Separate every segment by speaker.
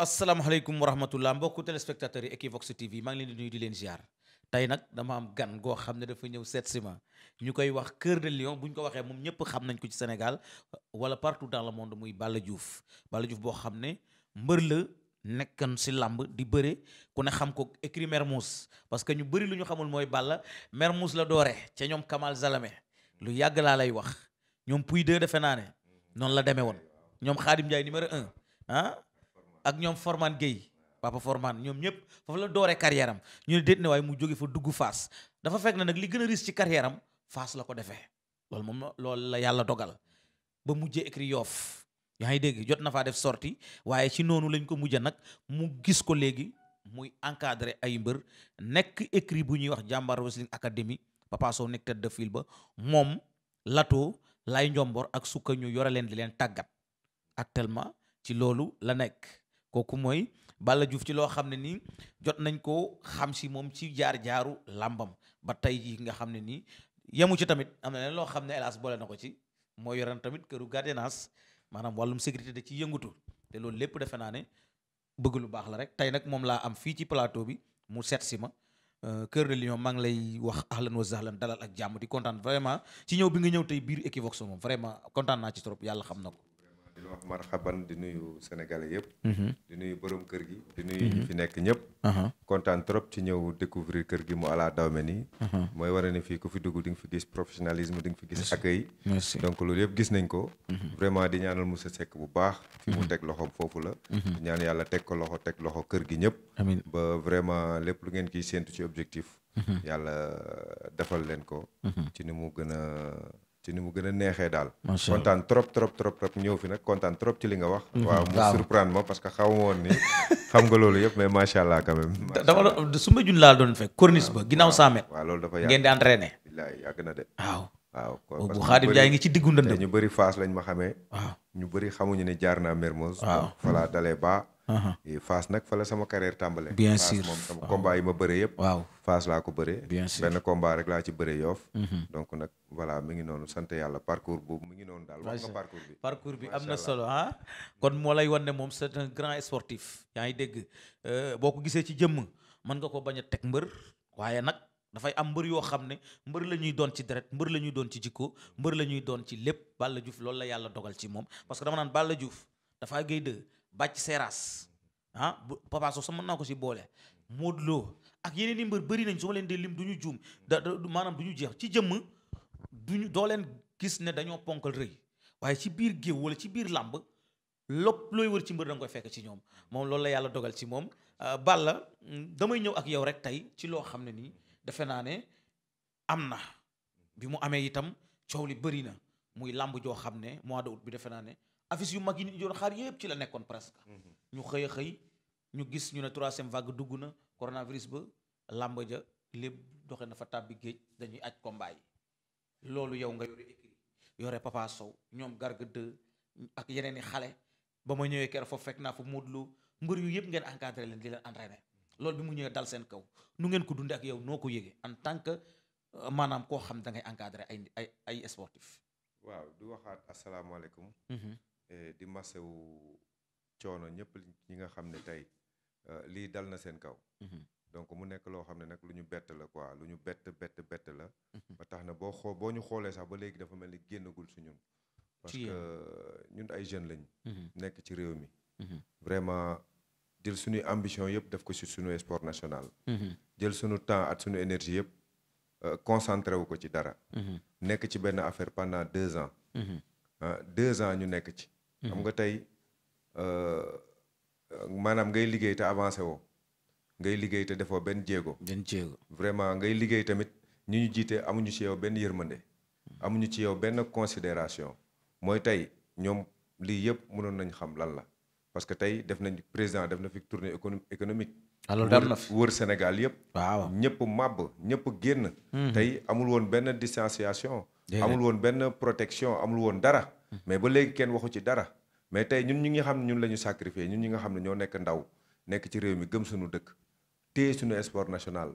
Speaker 1: asalaamaaleykum wa rahmatullah mbokku téléspectateurs yi Equivox TV maa ngi leen di nuyu nag dama am gan goo xam ne dafa ñëw seet si ma ñu koy wax Cœur de Lion bu ñu ko waxee moom ñëpp xam nañ ko ci Sénégal wala partout dans le monde muy Balla Diouf Balla Diouf boo xam ne mbër la nekkan si làmb di bëre ku ne xam ko écrit Mermoz parce que ñu bëri lu ñu xamul mooy Balla Mermoz la doore ce ñoom Kamal Zalame lu yàgg laa lay wax ñoom Pouy 2 defe naa ne noonu la demee woon ak ñoom Formane Gueye papa Formane ñoom ñëpp foofu la doore carrière am ñu ne déet ne waaye mu jóge fa dugg Fass dafa fekk na nag li gën a risque ci carrière am Fass la ko defee loolu moom loolu la yàlla dogal ba mujjee écrit yoof yaa ngi dégg jot na faa def sortie waaye ci noonu lañ ko mujjee nag mu gis ko léegi muy encadré ay mbër nekk écrit bu ñuy wax jàmbaar Wrestling Academy Papa Sow nekk tête de ba moom Lato lay Ndiombor ak sukka ñu yore leen di leen tàggat actuellement ci loolu la nekk. kooku mooy Balla Diouf ci loo xam ne nii jot nañ ko xam si moom ci jaar-jaaru làmbam ba tey ji nga xam ne nii yemu ci tamit am na leen loo xam ne hélas boole na ko ci moo yoran tamit këru gardiennage maanaam wàllum sécurité da ci yëngatu te loolu lépp defe naa ne bëgg lu baax la rek tey nag moom laa am fii ci plateau bi mu seet si ma euh, Cœur de Lion maa ngi lay wax ahlan wa sahlan dalal ak jàmm di kontaan vraiment ci ñëw bi nga ñëw tey biir Equivox m vraiment kontaan naa ci trop yàlla xam na ko
Speaker 2: wax marxaban di nuyu sénégalais yëpp mhm. di nuyu borom kër gi di nuyu mhm. ñi fi nekk ñëpp uh-huh. kontaan trop ci ñëw découvrir kër gi mu ala dawme nii uh-huh. mooy wane ne fii ku fi dugg di nga fi gis professionnalisme di nga fi gis accueil donc loolu yëpp gis nañ ko mhm. vraiment di ñaanal Moussa Seck bu baax fi mu teg loxoom foofu la di ñaan yàlla teg ko loxo teg loxo kër gi ñëpp ba vraiment lépp lu ngeen kiy séentu ci objectif yàlla defal leen ko ci ni mu gën ni mu gën a neexee daal kontaan trop trop trop trop ñëw fi nag kontaan trop ci li nga wax mhm. waaw mu surprendre ma parce que xaw ma woon ni xam nga loolu yëpp mais macha allah quand même dama doon
Speaker 1: su ma laa doon fekk corniche ba ginnaaw cent mètres waaw loolu dafa yàgg na de waaw
Speaker 2: waaw bu xaadim jaay ngi ci diggu ndënd ñu bëri faas lañ ma xamee waaw ñu bëri xamuñu ne jaar naa Mermoz. waaw voilà dalee ba. Uh-huh. Fass nag fa sama carrière tàmbalee. bien sûr moom sama combat yi ma bëree yëpp. waaw laa ko bëree. bien sûr benn combat rek laa ci bëree yoof. Uh-huh. donc nag voilà mi ngi noonu sant yàlla parcours boobu mu ngi noonu daal. wax nga parcours bi
Speaker 1: parcours bi am na solo ah. kon moo lay wan ne moom c'est un grand sportif. yaa ngi dégg euh, boo ko gisee ci jëmm mën nga ko bañ a teg mbër waaye nag. dafay am mbër yoo xam ne mbër la ñuy doon ci deret mbër la ñuy doon ci jikko mbër la ñuy doon ci lépp Balla Diouf loolu la yàlla dogal ci moom parce que dama naan Balla Diouf dafa géy ah bu Papa Sow sa si boole Modou Lo ak yeneen i mbër bëri nañ su leen dee lim du ñu juum da maanaam du ñu jeex ci jëmm duñu doo leen gis ne dañoo ponkal rëy waaye ci biir géew wala ci biir làmb lépp looy wër ci mbër koy fekk ci ñoom moom loolu la yàlla dogal ci moom ah, Balla mm, damay ñëw ak yow rek tey ci loo xam ne nii defe naa ne am na bi mu amee itam coow li bëri na muy làmb joo xam ne mois de août bi defe naa ne affiche yu mag yi nit doon xaar yëpp ci la nekkoon presque. Mhm. ñu xëy a xëy ñu gis ñu ne troisième vague dugg na coronavirus ba làmb ja lépp doxe na fa tàbbi géej dañuy aj combat yi loolu yow nga yore écrit yore Papa Sow ñoom Garga 2 ak yeneen i xale ba ma ñëwee kër foofu fekk naa fa Modou lu mbër yu yëpp ngeen encadré leen di leen entraîné loolu bi mu ñëwee dal seen kaw nu ngeen ko dundee ak yow noo ko yëgee en tant que euh, maanaam koo xam da ngay encadrer ay ay
Speaker 2: ay sportif waaw du waxaat asalaamaaleykum mhm. eh, di masewu coono ñëpp ñi nga xam ne tey euh, lii dal na seen kaw mhm. donc mu nekk loo xam ne nag lu ñu bett la quoi lu ñu bett bett bett la mhm. ba tax na boo xoo boo ñu xoolee sax ba léegi dafa mel ni génnagul su ñun parce que ñun ay jeunes lañ nekk ci réew mi vraiment jël suñuy ambition yëpp def ko ci suñu sport national mhm. jël suñu temps at suñu énergie yëpp euh, concentré wu ko ci dara mhm. nekk ci benn affaire pendant deux ans mhm. ah, deux ans ñu nekk ci xam nga tey euh, maanaam ngay liggéey te avancé woo ngay liggéey te defoo benn jéego benn jéego vraiment ngay liggéey tamit ñi ñu jiite amuñu ci yow benn yërmande amuñu ci yow benn considération mooy tey ñoom lii yëpp mënoon nañ xam lan la parce que tey def nañ président def na fi tournée économique. alors ah, dam na fi wër Sénégal yëpp. waaw ñëpp màbb ñëpp génn. Hmm. tey amul woon benn distanciation. amul woon benn protection amul woon dara. Hmm. mais ba léegi kenn waxu ci dara. mais tey ñun ñu ngi xam ne ñun la ñu sacrifié ñun ñi nga xam ne ñoo nekk ndaw nekk ci réew mi gëm suñu dëkk téye sunu esport national.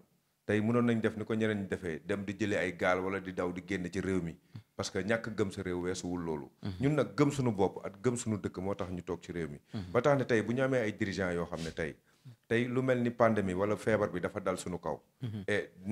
Speaker 2: tey mënoon nañ def ni ko ñeneen ñi defee dem di jëlee ay gaal wala di daw di génn ci réew mi parce que ñàkk gëm sa réew weesuwul loolu mhm. ñun nag gëm suñu bopp ak gëm suñu dëkk moo tax ñu toog ci réew mi mhm. ba tax ne tey bu ñu amee ay dirigeants yoo xam ne tey tey lu mel ni pandémie wala feebar bi dafa dal suñu kaw mhm.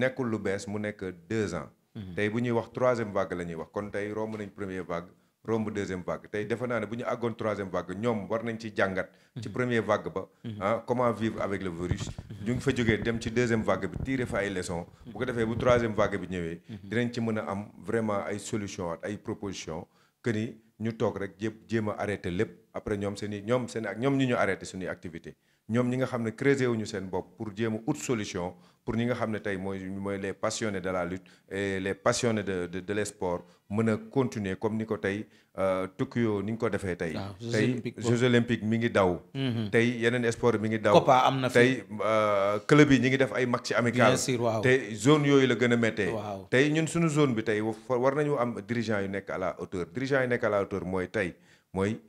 Speaker 2: nekkul lu bees mu nekk deux ans tey bu ñuy wax troisième vague la ñuy wax kon tey romb nañ premier vague romb deuxième vague tey defe naa ne bu ñu àggoon troisième vague ñoom war nañ ci jàngat. ci mhm. premier vague ba. Mhm. ah comment vivre avec le virus. Mhm. ñu ngi fa jógee dem ci deuxième vague bi tirer fa ay leçons. bu ko defee bu troisième vague bi ñëwee. dinañ ci mën a am vraiment ay solution ak ay proposition que ni ñu toog rek jéem jéem a arrêté lépp après ñoom seen ñoom seen ak ñoom ñu ñu arrêté suñuy activité ñoom ñi nga xam ne créé wuñu seen bopp pour jéem a solution pour ñi nga xam ne tey mooy mooy les passionnés de la lutte les passionnés de de de les sports mën a continuer comme ni ko tey euh, Tokyo ni nga ko defee tey. Ah, tey Jeux olympiques mi ngi daw. Mhm. tey yeneen sport mi ngi daw. am na fi tey euh, club yi ñi ngi def ay match amical. bien sûr waaw zone yooyu la gën a méttee. waaw tey ñun suñu zone bi tey war nañu am dirigeant yu nekk à la hauteur dirigeant yu nekk à la hauteur mooy tey mooy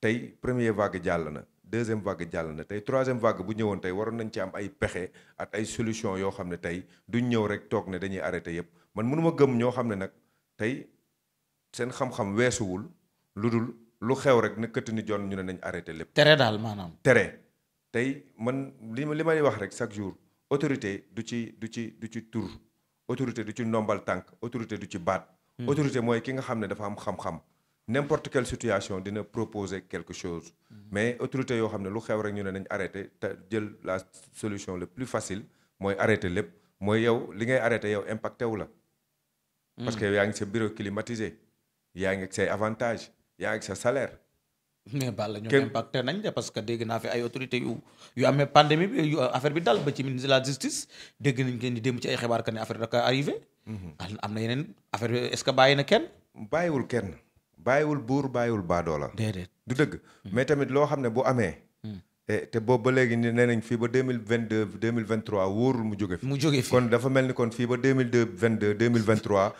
Speaker 2: tey premier vague jàll na. deuxième vague jàll na tey troisième vague bu ñëwoon tey waroon nañ ci am ay pexe ak ay solution yoo xam ne tey duñ ñëw rek toog ne dañuy arrêté yépp man mënuma gëm ñoo xam ne nag tey seen xam-xam weesuwul lu dul lu xew rek nekkati ni jon ñu ne nañ arrêté lépp.
Speaker 1: tere daal maanaam.
Speaker 2: tere tey man li ma li may wax rek chaque jour autorité du ci du ci du ci tur autorité du ci nombal tànk autorité du ci baat. Hmm. autorité mooy ki nga xam ne dafa am xam-xam. n'importe quelle situation dina proposer quelque chose mais autorité yoo xam ne lu xew rek ñu ne nañ arrêté te jël la solution le plus facile mooy arrêté lépp mooy yow li ngay arrêté yow impacté wu la parce que mm. yaa ngi sa bureau climatisé yaa ngi ak say avantage yaa ngi sa salaire
Speaker 1: mais Balla ñu impacté nañ de parce que dégg naa fi ay autorité yu yu amee pandémie bi yu affaire bi dal ba ci ministre de la justice dégg nañ ngeen di dem ci ay xibaar que ne affaire da ko arrivé mm-hmm. am na yeneen affaire est-ce que bàyyi na kenn
Speaker 2: bàyyiwul kenn bàyyiwul buur bàyyiwul baadoola. déedéet du dëgg. mais tamit loo xam ne bu amee. Hmm. Eh, te boobu ba léegi nee nañ fii ba deux mille vingt deux deux mille vingt trois wóorul mu jóge fi. mu jóge fi kon dafa mel ni kon fii ba deux mille deux vingt deux deux mille vingt trois.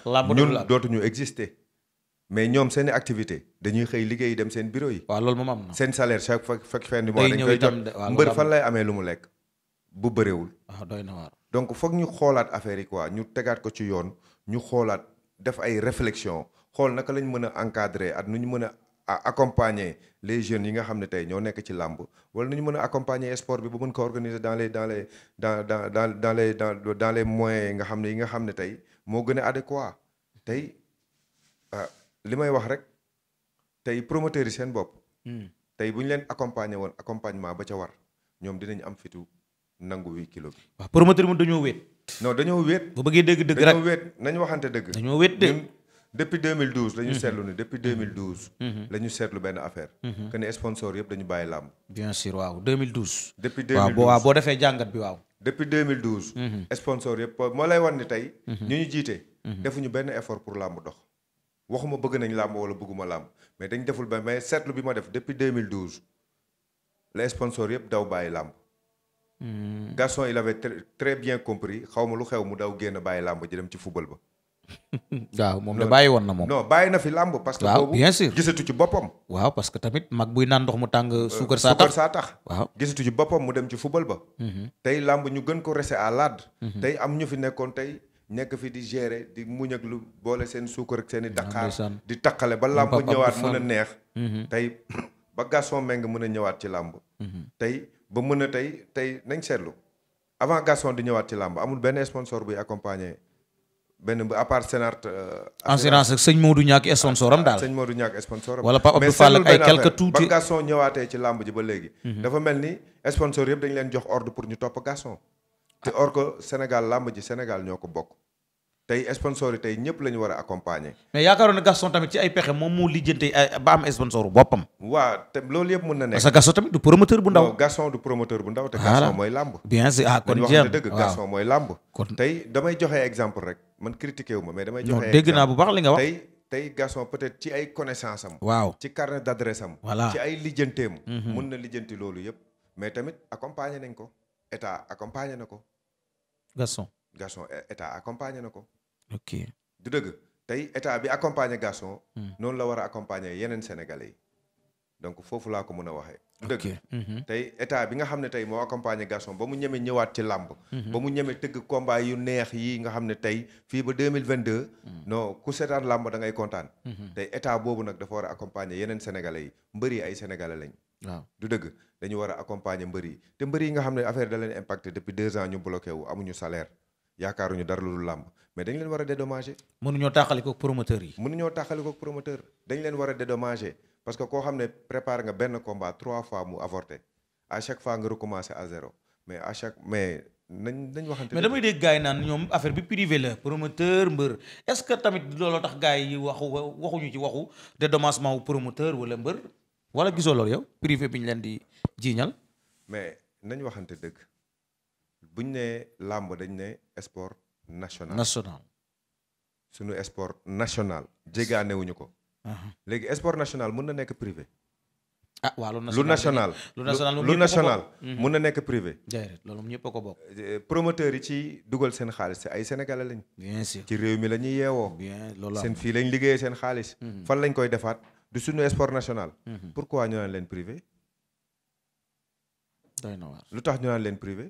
Speaker 2: ñun ñoom seen activité dañuy xëy liggéey dem seen yi. waaw loolu moom am seen salaire chaque fois chaque fin du mois dañ koy jot mbër fan lay amee lu mu lekk bu bëreewul. waaw ah, na waar. donc foog ñu xoolaat affaire yi quoi ñu tegaat ko ci yoon ñu xoolaat def ay réflexion xool naka lañ mën a encadrer ak nu ñu mën a accompagner les jeunes yi nga xam ne tey ñoo nekk ci làmb wala nu ñu mën a accompagner sport bi ba mën ko organiser dans les dans les dans dans dans dans les dans dans moyens yi nga xam ne yi nga xam ne tey moo gën a adéquat tey ah, li may wax rek tey promoteurs yi seen bopp. Hmm. tey bu ñu leen accompagner woon accompagnement ba ca war ñoom dinañ am fitu nangu wi kilo bi. waaw
Speaker 1: promoteur mu dañoo wéet.
Speaker 2: non dañoo wéet. bu bëggee dëgg dëgg rek waxante dëgg. depuis 2012 la ñu seetlu ni depuis 2012. la ñu seetlu benn affaire. Mhm. que ni sponsor yëpp dañu bàyyi làmb.
Speaker 1: bien sûr waaw 2012. depuis 2012 waaw boo waaw boo defee
Speaker 2: jàngat bi waaw. depuis 2012. Mhm. sponsor yëpp moo lay wan ni tey. Mhm. ñu ñu jiite. defuñu benn effort pour làmb dox. waxuma bëgg nañ làmb wala bëgguma làmb mais dañ deful benn mais seetlu bi ma def depuis 2012 la sponsor yëpp daw bàyyi làmb. Gaston il avait très bien compris xaw ma lu xew mu daw génn bàyyi làmb ji dem ci football ba.
Speaker 1: waaw moom de bàyyi woon na moom.
Speaker 2: bàyyi na fi làmb parce que. waaw
Speaker 1: gisatu ci boppam. waaw parce que tamit mag buy naan ndox mu tàng. Euh, suukar saa tax saa tax.
Speaker 2: waaw gisatu ci boppam mu dem ci football ba. Mhm. tey làmb ñu gën ko rese à laad. Mhm. tey am ñu fi nekkoon tey nekk fi di gérer di muñ ak lu boole seen suukar ak seen i daqaar di taqale ba làmb ñëwaat mën a neex. Mhm. tey ba Gaston Mbengue mën a ñëwaat ci làmb. tey ba mën a tey tey nañ seetlu avant Gaston di ñëwaat ci làmb amul benn sponsor buy accompagner. benn bu à part Sénart. Euh, assurance ak sëñ Modou ñàkk ah, sponsoram daal sëñ Modou ñàkk sponsoram. wala Pape Abdou Fall ak ay quelques tuuti mais ba Gaston ñëwaatee ci làmb ji ba léegi. Mhm. dafa mel ni sponsor yëpp dañ leen jox ordre pour ñu topp Gaston. te or que Sénégal làmb ji Sénégal ñoo ko bokk. tey sponsor yi tey ñëpp lañu ñu war a accompagner.
Speaker 1: mais yaakaaroon na Gaston tamit ci ay pexe moom moo lijjante ba am sponsor boppam.
Speaker 2: waaw te loolu yëpp mën na nekk. parce que Gaston tamit du promoteur bu ndaw. Gaston du promoteur bu ndaw. te ah, exemple rek man critiqué wu ma mais damay. joxe dégg naa ay connaissance am. waaw ci carnet d'adresse am. voilà ci ay lijjanteem. Mhm. mën na lijjanti loolu yëpp. mais tamit accompagner nañ ko état accompagner na ko. Gaston. Gaston état accompagné na ko. ok du dëgg tey état bi accompagné Gaston. Hmm. noonu la war a accompagner yeneen sénégalais yi donc foofu laa ko mën a waxee. dëgg mhm. tey état bi nga xam ne tey moo accompagné Gaston ba mu ñeme ñëwaat ci làmb mhm. ba mu ñeme tëgg yu neex yi xam ne tey fii ba deux mille vingt deux hmm. non ku seetaan làmb da ngay mhm. tey état boobu nag dafa war a accompagner yeneen sénégalais yi mbër yi ay sénégalais lañ waaw du dëgg dañu war a accompagner te mbër nga xam ne affaire da leen depuis deux ans ñu bloqué amuñu salaire yaakaaruñu dara lu dul làmb mais dañ leen war a dédommager.
Speaker 1: mënuñoo taaxali ko promoteur yi.
Speaker 2: mënuñoo taaxali ko promoteur dañ leen war a dédommager parce que koo xam ne préparé nga benn combat trois fois mu avorté à chaque fois nga recommencé à zéro mais à chaque mais nañ nañ waxante. mais damay
Speaker 1: dégg gars yi naan ñoom affaire bi privé la promoteur mbër est-ce que tamit looloo tax gars yi waxu waxuñu ci waxu dédommagement wu promoteur wala mbër wala gisoo yow privé bi ñu leen
Speaker 2: di jiiñal. mais nañ waxante dëgg. bu ñu nee làmb dañ ne sport national. national. sunu sport national. jégaanewuñu ko. Uh-huh. léegi sport national mën na nekk privé.
Speaker 1: ah waaw lu national lu national lu national mën mm-hmm. na nekk privé. loolu ñëpp ko bokk. Eh,
Speaker 2: promoteurs yi ci dugal seen xaalis si ay sénégalais lañ. ci réew mi la ñuy yeewoo. bien loolu seen fii lañ liggéeyee seen xaalis. Mm-hmm. fan lañ koy defaat du sunu sport national. Mm-hmm. pourquoi ñu naan leen privé. doy na lu tax ñu naan leen privé.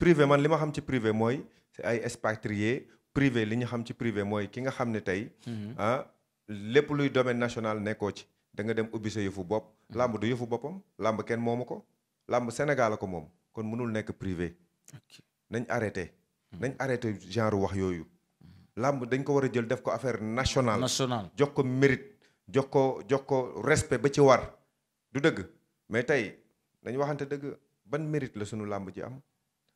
Speaker 2: privé man li ma xam ci privé mooy ay expatrié privé li ñu xam ci privé mooy ki nga xam ne tey. Mhm. ah lépp luy domaine national nekkoo ci danga dem ubbi sa yëfu bopp. Mhm. làmb du yëfu boppam làmb kenn moomu ko làmb Sénégal ko moom kon mënul nekk privé. nañ arrêté. Mhm. nañ arrêté genre wax yooyu. làmb dañ ko war a jël def ko affaire nationale. nationale jox ko mérite jox ko jox ko respect ba ci war. du dëgg mais tey nañ waxante dëgg ban mérite la sunu làmb ji am.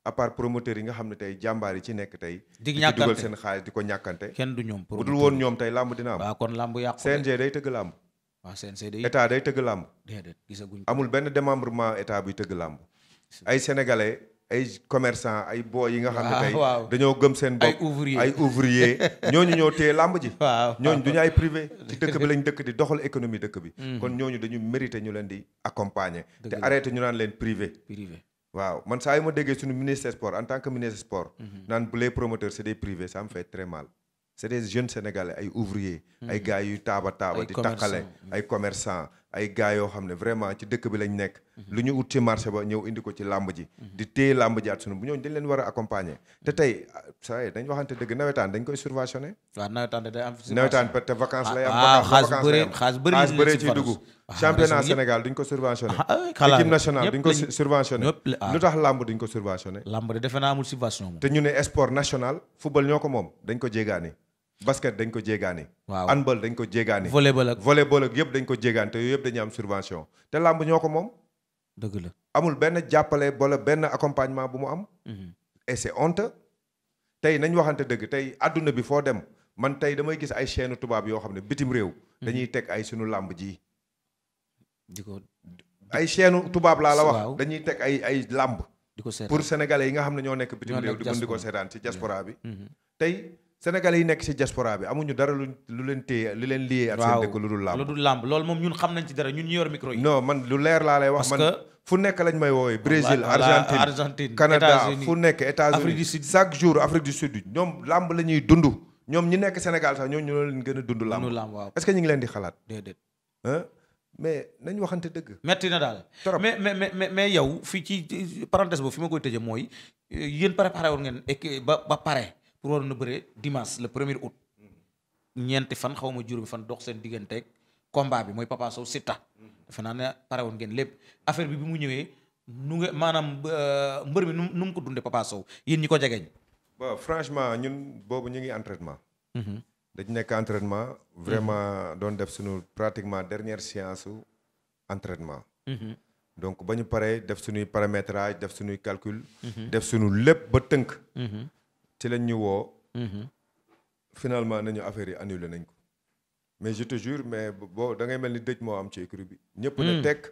Speaker 2: à part promoteur yi nga xam ne tey jàmbaar yi ci nekk tey. di ñàkkante dugal seen xaalis di ko ñàkkante. kenn du ñoom promoteur woon ñoom tey làmb dina am. kon làmb yàqu CNG day tëgg làmb. waaw CNG day état day tëgg làmb. déedéet amul benn démembrement état buy tëgg làmb. ay sénégalais ay commerçant ay boo yi nga xam ne tey. Ah, dañoo gëm seen bopp ay ouvrier ay ouvrier ñooñu ñoo téye làmb ji. waaw ñooñu duñu ay privé. ci dëkk bi lañ dëkk di doxal économie dëkk bi. Mm. kon ñooñu dañu mérité ñu leen di accompagner. te arrêté ñu naan leen privé privé waaw man saa yu ma déggee suñu ministre sport en tant que ministre sport. Mhm. naan bu les promoteurs c'est des privés ça me fait très mal. c'est des jeunes sénégalais ay ouvriers. Mhm. ay gars yu taaba taaba di takkale ay commerçant ay gars yoo xam ne vraiment ci dëkk bi lañ nekk mhm. lu ñu ut ci marché ba ñëw indi ko ci làmb ji mhm. di téye làmb ji at sunu bu ñooñu dañ leen war a accompagner te mhm. tey ça y dañ waxante dëgg nawetaan dañ koy subventionné
Speaker 1: waaw nawetaan day am nawetaan
Speaker 2: te vacances lay am ah, ah, vacances xaalis bëri xaalis bëri ci dugg ah, championnat Sénégal duñ ko subventionné eh, équipe nationale duñ ko subventionné lu tax làmb duñ ko subventionné làmb de defe naa amul subvention te ñu ne sport national football ñoo ko moom dañ ko jéegaani basket dañ ko jéegaane. waaw handball dañ ko jéegaane. volleyball ak volleyball ak yëpp dañ ko jéegaane te yooyu yëpp dañuy am subvention te làmb ñoo ko moom. dëgg la amul benn jàppale boole benn accompagnement bu mu am. Mhm. et c'est honte. tey nañ waxante dëgg tey àdduna bi foo dem man tey damay gis ay chaîne tubaab yoo xam ne bitim réew. Mhm. dañuy teg ay sunu làmb ji. di ko ay chaîne tubaab laa la wax. dañuy teg ay ay làmb. di ko seetaan pour sénégalais yi nga xam ne ñoo nekk bitim réew. di di ko seetaan ci diaspora bi. Mhm. sénégalais yi nekk ci diaspora bi amuñu dara lu leen téye lu leen liyee ak seen dëkk lu
Speaker 1: dul làmb lu loolu moom ñun xam nañ ci dara ñun ñu yor micro yi non
Speaker 2: man lu leer laa lay wax man fu nekk lañ may woowee Brésil Argentine Canada fu nekk États-Unis chaque jour Afrique du Sud ñoom làmb la dund ñoom ñi nekk Sénégal sax ñoo ñu leen gën a dund làmb est-ce que ñu ngi leen di xalaat déedéet mais nañ waxante dëgg
Speaker 1: metti na daal mais mais mais mais yow fii ci parenthèse fi ma koy tëje mooy euh, yéen préparé woon ngeen ba ba pare pour waroon na bëre dimanche le premier août ñeenti fan xaw ma juróomi fan dox seen digganteeg combat bi mooy Papa Sow Siteu defe naa ne pare woon ngeen lépp affaire bi bi mu ñëwee nu nga maanaam euh, mbër mi nu nu mu ko dundee Papa Sow yéen ñi ko jegeñ.
Speaker 2: bon franchement ñun boobu ñu ngi entraitement mhm. dañ nekk entraînement. vraiment doon def suñu pratiquement dernière séance su entraitement mhm. donc ba ñu paree def suñuy paramétrage def suñuy calcul. Mhm. def suñu lépp ba tënk. ci lañ ñu woo. Mm-hmm. finalement nañu affaire yi annulé nañ ko. mais je te jure mais boo da ngay mel ni dëj moo am ci écurie bi. ñëpp ne mm. tekk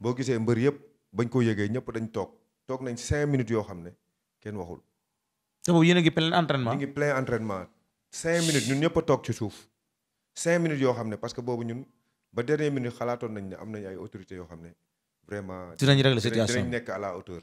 Speaker 2: boo gisee mbër yëpp bañ koo yëgee ñëpp dañ toog toog nañ cinq minutes yoo xam ne kenn waxul. te boobu yéen a ngi plein entraînement ñu ngi plein entraînement. cinq minutes ñun ñëpp a toog ci suuf cinq minutes yoo xam ne parce que boobu ñun ba dernière minute xalaatoon nañ ne am nañ ay autorité yoo xam ne vraiment. dinañ régler situation dinañ nekk à la hauteur.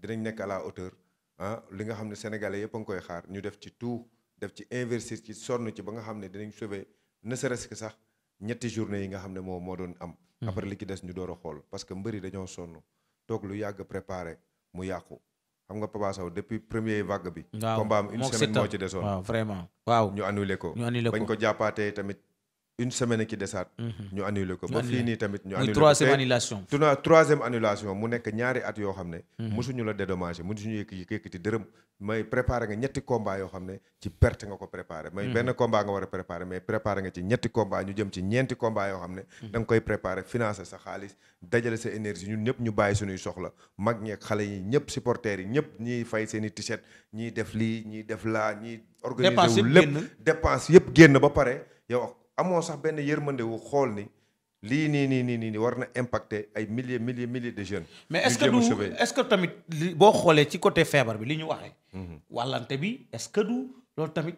Speaker 2: dinañ nekk al la hauteur. ah li nga xam ne sénégalais yëpp nga koy xaar ñu def ci tout def ci investir ci sonn ci ba nga xam ne dinañ sauver ne serait-ce que sax ñetti journée yi nga xam ne moom moo doon am. Hmm. après li ci des ñu door a xool parce que mbëri dañoo sonn toog lu yàgg préparé mu yàqu. xam nga Papa Sow depuis premier vague bi. waaw combat am une semaine moo ci desoon waaw vraiment. waaw ñu annulé ko ñu ko bañ ko jàppaatee tamit une semaine ki desaat. ñu annulé ko ba fii nii tamit. ñu annulé ko troisième annulation. mu nekk ñaari at yoo xam ne. mosuñu la dédommagé mosuñu yëkkati dërëm. may préparé nga ñetti combat yoo xam ne ci perte nga ko préparé. may mhm. benn combat nga war a préparé mais préparé nga ci ñetti combat ñu jëm ci ñeenti combat yoo xam ne. Mhm. da nga koy préparé financé sa xaalis dajale sa énergie ñun ñëpp ñu bàyyi suñuy soxla mag ñeeg xale yi ñëpp supporters yi ñëpp ñiy fay seen i t-shirt ñiy def lii ñiy def laa ñiy. organiser wu lépp dépense yëpp génn ba pare yow amoo sax benn yërmande wu xool ni lii nii nii nii nii war na impacte ay milliers milliers millier de jeunes. mais est-ce que du est-ce que tamit boo xoolee ci côté feebar bi li ñu waxee. Mhm.
Speaker 1: wàllante bi est-ce que du loolu tamit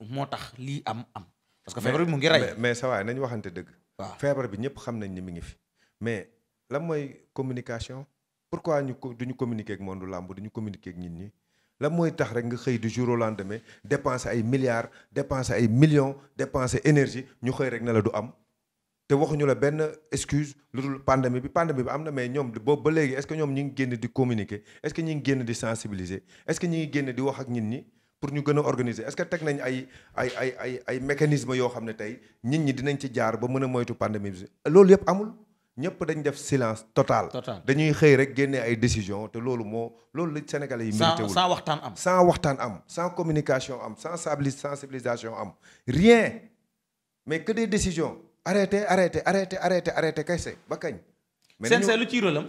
Speaker 1: moo tax lii am am. parce que feebar bi mu ngi rey. mais
Speaker 2: mais sa waay waxante dëgg. waaw feebar bi ñëpp xam nañ ni mi ngi fi mais lan mooy communication pourquoi ñu ko du ñu communiquer ak monde làmb du ñu communiquer ak nit ñi. la mooy tax rek nga xëy du jour au lendemain dépenser ay milliards dépenser ay millions dépenser énergie ñu xëy rek na la du am te waxuñu la benn excuse lu dul pandémie bi pandémie bi am na mais ñoom boobu ba léegi est-ce ñoom ñi ngi génn di communiquer est-ce que ñi ngi génn di sensibiliser est-ce ñi ngi génn di wax ak nit ñi pour ñu gën a organiser est que teg nañ ay ay ay ay ay mécanismes yoo xam ne tey nit ñi dinañ ci jaar ba mën a moytu pandémie bi loolu yëpp amu ñëpp dañu def silence total. dañuy xëy rek génne ay décision te loolu moo loolu la Sénégalais yi. méritéwul sans waxtaan am. sans waxtaan am sans communication am sans sensibilisation am rien mais que des décisions arrêté arrêté arrêté arrêté arrêté kese ba kañ. mais CNG lu ci rôle am.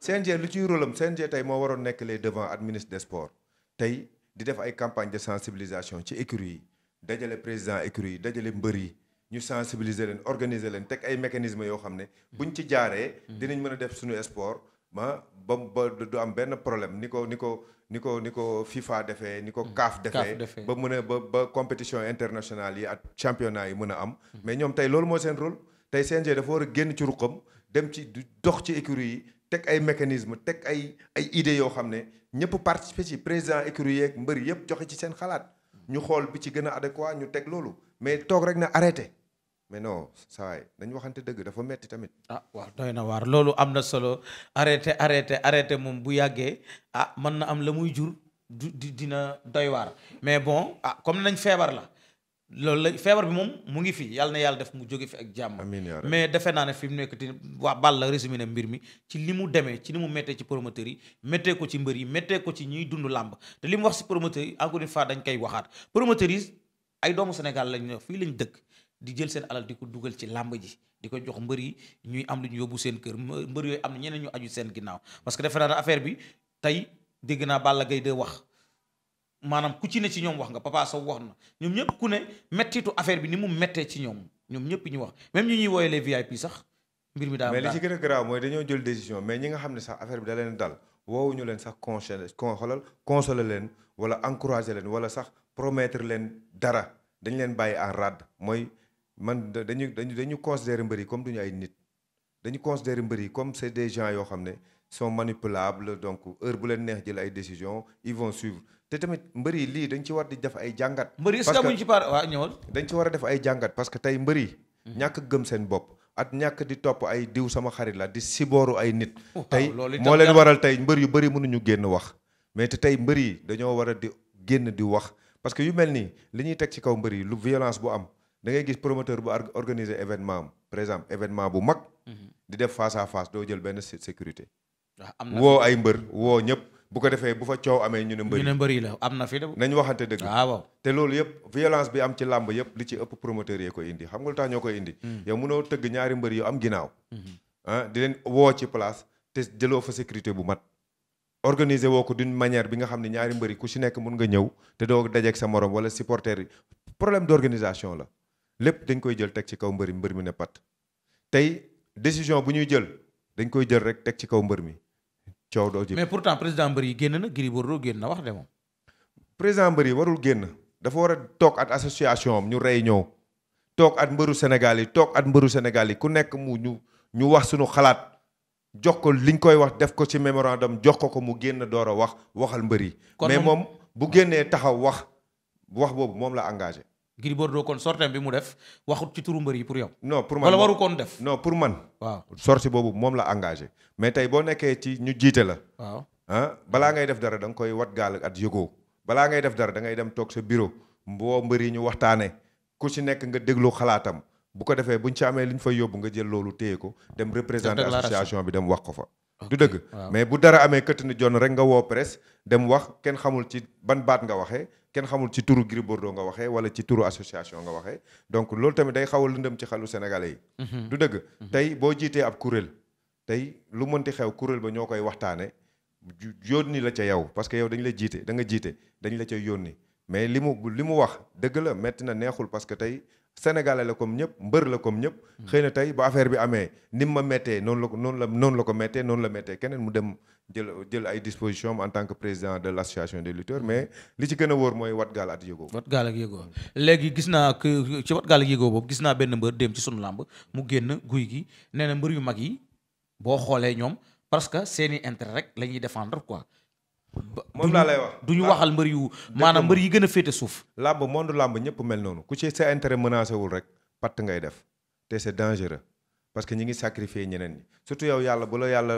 Speaker 2: CNG lu ciy rôle am CNG tey moo waroon nekk les devant ak ministre des sports tey di def ay campagne de sensibilisation ci écurie yi dajale président écurie yi dajale mbër yi. ñu sensibiliser leen organiser leen teg ay mécanismes yoo xam ne bu ñu ci jaaree dinañ mën a def suñu sport ma ba ba du am benn problème ni ko ni ko ni ko ni ko FIFA defee ni ko mm. CAF defee ba mën a ba ba compétition internationale yi ak championnat yi mën a am mm. mais ñoom tey loolu moo seen rôle tey CNG dafa war a génn ci ruqam dem ci du dox ci écurie yi teg ay mécanisme teg ay ay idées yoo xam ne ñëpp participer ci président écurie yeeg mbër yëpp joxe ci seen xalaat ñu xool bi ci gën a adéquat ñu teg loolu toog rek na arrêté mais non saa yi dañu waxante dëgg dafa metti tamit. ah
Speaker 1: waaw na waar loolu am na solo arrêté arrêté arrêté moom bu yàggee ah mën na am la muy jur du dina doy waar mais bon ah comme nañ feebar la. loolu la feebar bi moom mu ngi fi na yàlla def mu jóge fi ak jàmm mais defe naa ne fi mu nekk ti waa bal la résumé na mbir mi ci li mu demee ci li mu méttee ci promoteur yi méttee ko ci mbër yi méttee ko ci ñuy dund làmb te li mu wax si promoteur yi encore une fois dañ koy waxaat promoteur yi ay doomu Sénégal lañ ne fii lañ dëkk di jël seen alal di ko dugal ci làmb ji di ko jox mbër yi ñuy am lu ñu yóbbu seen kër mbër yooyu am na ñu aju seen ginnaaw parce que defe naa affaire bi tey dégg naa Balla Gaye de wax maanaam ku ci ne ci ñoom wax nga Papa Sow wax na ñoom ñëpp ku ne mettitu affaire bi ni mu mettee ci ñoom ñoom ñëpp ñu wax même ñi ñuy wooyee les VIP sax mbir mi daal mais li ci gën a
Speaker 2: garaaw mooy dañoo jël décision mais ñi nga xam ne sax affaire bi daleen leen dal woowuñu leen sax consolé con xolal leen wala encouragé leen wala sax promettre leen dara dañ leen bàyyi en rade mooy man dañu dañu dañu considérer mbër yi comme duñu ay nit dañu considérer mbër yi comme c'est des gens yoo xam ne soo manipulables donc heure bu leen neex jël ay décisions ils vont suivre te tamit mbër yi lii dañ ci war di def ay jàngat. mbër yi est-ce que amuñu ñëwal dañ ci war a def jàngat parce que tey mbër yi. Hmm. ñàkk gëm seen bopp. at ñàkk di topp ay diw sama xarit la di sibooru ay nit. tey moo leen waral tey mbër yu bëri mënuñu génn wax. mais te tey mbër yi dañoo war a di génn di wax parce que yu mel nii li ñuy teg ci kaw mbër yi lu violence bu am. da ngay gis promoteur bu organiser événement am par exemple événement bu mag. Mhm. di def face à face doo jël benn sécurité. Ah, woo ay mbër woo ñëpp. bu ko defee bu fa coow amee ñu ne mbëri ñu ne mbëri la am na fi de. nañ waxante dëgg. Ah, waaw te loolu yëpp violence bi am ci làmb yëpp li ci ëpp promoteur yee koy indi xam nga lu tax ñoo koy indi. Mm. yow mënoo tëgg ñaari mbër yu am ginnaaw. Mhm. ah di leen woo ci place te jëloo fa sécurité bu mat. organiser woo ko d'une manière bi nga xam ne ñaari mbër ku si nekk mun nga ñëw te doo dajeeg sa morom wala supporter yi problème d'organisation la. lépp dañ koy jël teg ci kaw mbër mi mbër mi ne pat tey décision bu ñuy jël dañ koy jël rek teg ci kaw mbër mi coow doo ji
Speaker 1: mais pourtant président mbër yi génn na Gris Bordeaux génn na wax de moom.
Speaker 2: président mbër yi warul génn dafa war a toog at association ñu rey ñëw toog at mbëru Sénégal toog at mbëru Sénégal yi ku nekk mu ñu ñu wax suñu xalaat jox ko liñ koy wax def ko ci mémorandum jox ko ko mu génn door a wax waxal mbër yi. mais moom bu génnee taxaw wax wax boobu moom la engagé.
Speaker 1: Gris doo kon sortem bi mu def waxut ci turu mbër yi pour yow. non pour man wala waru koon
Speaker 2: def. non pour man. waaw sorti boobu moom la engagé. mais tey boo nekkee ci ñu jiite la. waaw ah balaa ngay def dara da nga koy wat gaal at yëgoo balaa ngay def dara da ngay dem toog sa bureau mboo mbër yi ñu waxtaanee ku ci nekk nga déglu xalaatam bu ko defee bu buñ ci amee liñ fay yóbbu nga jël loolu téye ko dem représenter association bi dem wax ko fa. du dëgg mais bu dara amee këtt ni jonn rek nga woo presse dem wax kenn xamul ci ban baat nga waxee. kenn xamul ci turu Gris Bordeaux nga waxee wala ci turu association nga waxee donc loolu tamit day xaw a lëndëm ci xalu sénégalais yi. Mhm. du dëgg. Mhm. tey boo jiitee ab kuréel tey lu mënti xew kuréel ba ñoo koy waxtaane yónni la ca yow parce que yow dañ la jiite da nga jiite dañ la ca yónni mais li mu li mu wax dëgg la metti na neexul parce que tey. sénégalais la comme ñëpp mbër la comme ñëpp. Hmm. xëy na tey ba affaire bi amee ni mu ma méttee noonu la ko noonu la noonu la ko méttee noonu la méttee keneen mu dem jël jël ay dispositions en tant que président de l' association des lutteurs mais li ci gën a wóor mooy wat gaal ak yëgoo. wat gaal
Speaker 1: léegi gis naa ci wat gaal ak yëgoo boobu gis naa benn mbër dem ci sunu làmb mu génn guy gi nee na mbër yu mag yi boo xoolee ñoom parce que seeni intérêt rek la ñuy défendre quoi. moom laa lay wax du ñu ah. waxal mbër
Speaker 2: yu maanaam mbër yi gën a féete suuf làmb monde làmb ñëpp mel noonu ku ci sa intérêt menacé wul rek patt ngay def te c'est dangereux parce que ñi ngi sacrifier ñeneen ñi surtout yow yàlla bu la yàlla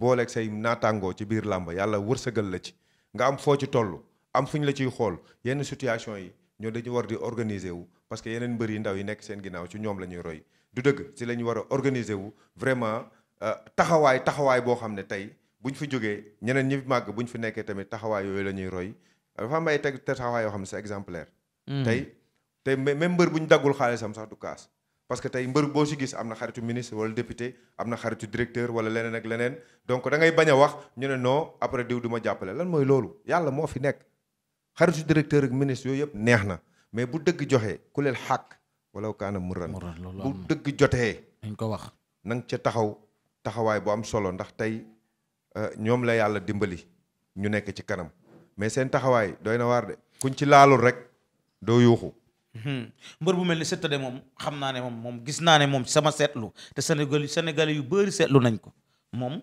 Speaker 2: booleeg say naataangoo ci biir làmb yàlla wërsëgal la ci nga am foo ci toll am fu ñu la ciy xool yenn situation yi ñoo dañu war di organiser wu parce que yeneen mbër yi ndaw yi nekk seen ginnaaw ci ñoom la ñuy roy du dëgg si la ñu war a organiser wu vraiment euh, taxawaay taxawaay boo xam ne tey bu ñu fi jógee ñeneen ñi màgg bu ñu fi nekkee tamit taxawaay yooyu la ñuy roy dafa am ay teg taxawaay yoo xam ne c'est exemplaire. Hmm. tey tey même mbër bu ñu daggul xaalisam sax du kaas. parce que tey mbër boo si gis am na xaritu ministre wala député am na xaritu directeur wala leneen ak leneen donc dangay bañ a wax ñu ne non après diw du ma jàppale lan mooy loolu yàlla moo fi nekk. xaritu directeur ak ministre yooyu yëpp neex na mais bu dëgg joxee ku leen xàq wala kaana muran bu dëgg jotee. dañ ko wax na nga ca taxaw taxawaay bu am solo ndax tey. Euh, ñoom la yàlla dimbali ñu nekk ci kanam mais seen taxawaay dooy na waar de kuñ ci laalul rek doo yuuxu.
Speaker 1: Hmm. mbër bu mel ni Siteu de moom xam naa ne moom moom gis naa ne moom sama seetlu te Sénégal Sénégalais yu bëri seetlu nañ ko
Speaker 2: moom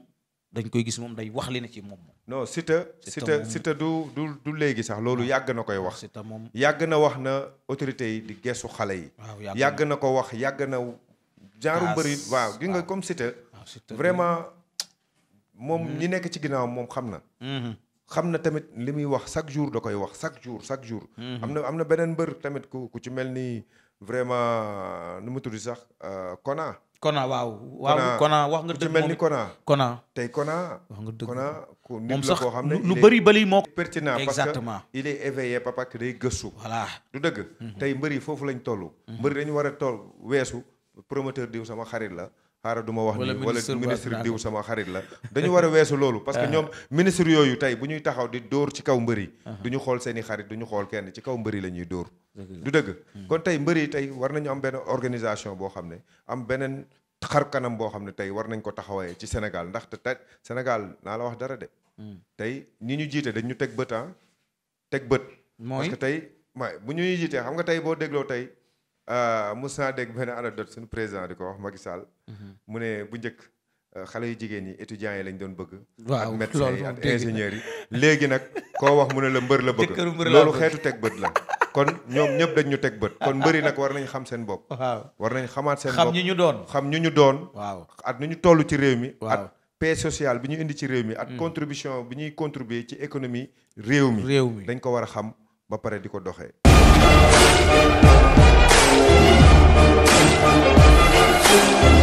Speaker 2: dañ
Speaker 1: koy gis moom day wax li ne ci moom.
Speaker 2: non Siteu. Siteu Siteu du du du léegi sax loolu ah. yàgg na koy wax. Siteu moom yàgg na wax na autorité yi di geesu xale yi. yàgg na ko wax yàgg na. genre mbëri waaw gi comme Siteu. Ah, vraiment moom mhm. ñi nekk ci ginnaaw moom xam na. Mhm. xam na tamit li muy wax chaque jour da koy wax chaque jour chaque jour. Mhm. am na am na beneen mbër tamit ku ku ci mel ni vraiment nu mu tudd sax euh, Kona. Kona waaw. waaw Kona wax nga ci mel ni Kona. Kona tey Kona. wax nga dëgg Kona ku nit la koo xam ne lu bëri bëri moo. ko parce que il est éveillé papa que day gëstu. voilà du dëgg. tey mbër yi foofu lañ toll. mbër dañu war a toll weesu promoteur diw sama xarit la. xaaral du ma wax ni wala ministre diw sama xarit la dañu war a weesu loolu parce que ah. ñoom ministre yooyu tey bu ñuy taxaw di dóor ci kaw mbër yi ah. du ñu xool seen i xarit du ñu xool kenn ci kaw mbër yi la ñuy dóor du dëgg hmm. kon tey mbëri yi tey war nañu am benn organisation boo xam ne am beneen xar kanam boo xam ne tey war nañ ko taxawee ci Sénégal ndax te tey Sénégal naa la wax dara de hmm. tey ni ñu jiite dañ ñu teg bët ah. teg bët parce que tey ma bu ñuy jiitee xam nga tey boo dégloo tey Euh, mos naa dégg benn anecdote suñu président di ko wax Macky Sall. Mhm. mu ne bu njëkk euh, xale yu jigéen ñi étudiants yi lañ doon bëgg. waaw ak médecins yi ak ingénieurs yi. léegi nag koo wax mu ne la mbër la bëgg. loolu xeetu teg bët la. kon ñoom ñëpp dañ ñu teg bët kon mbëri nag war nañu xam seen bopp. war nañ xamaat seen xam ñu ñu doon. xam ñu ñu doon. waaw at nu ñu toll ci réew mi. waaw at paix sociale bi ñu indi ci réew mi. ak mm. contribution bi ñuy contribuer ci économie réew mi. réew mi dañ ko war a xam ba pare di ko doxee. thank you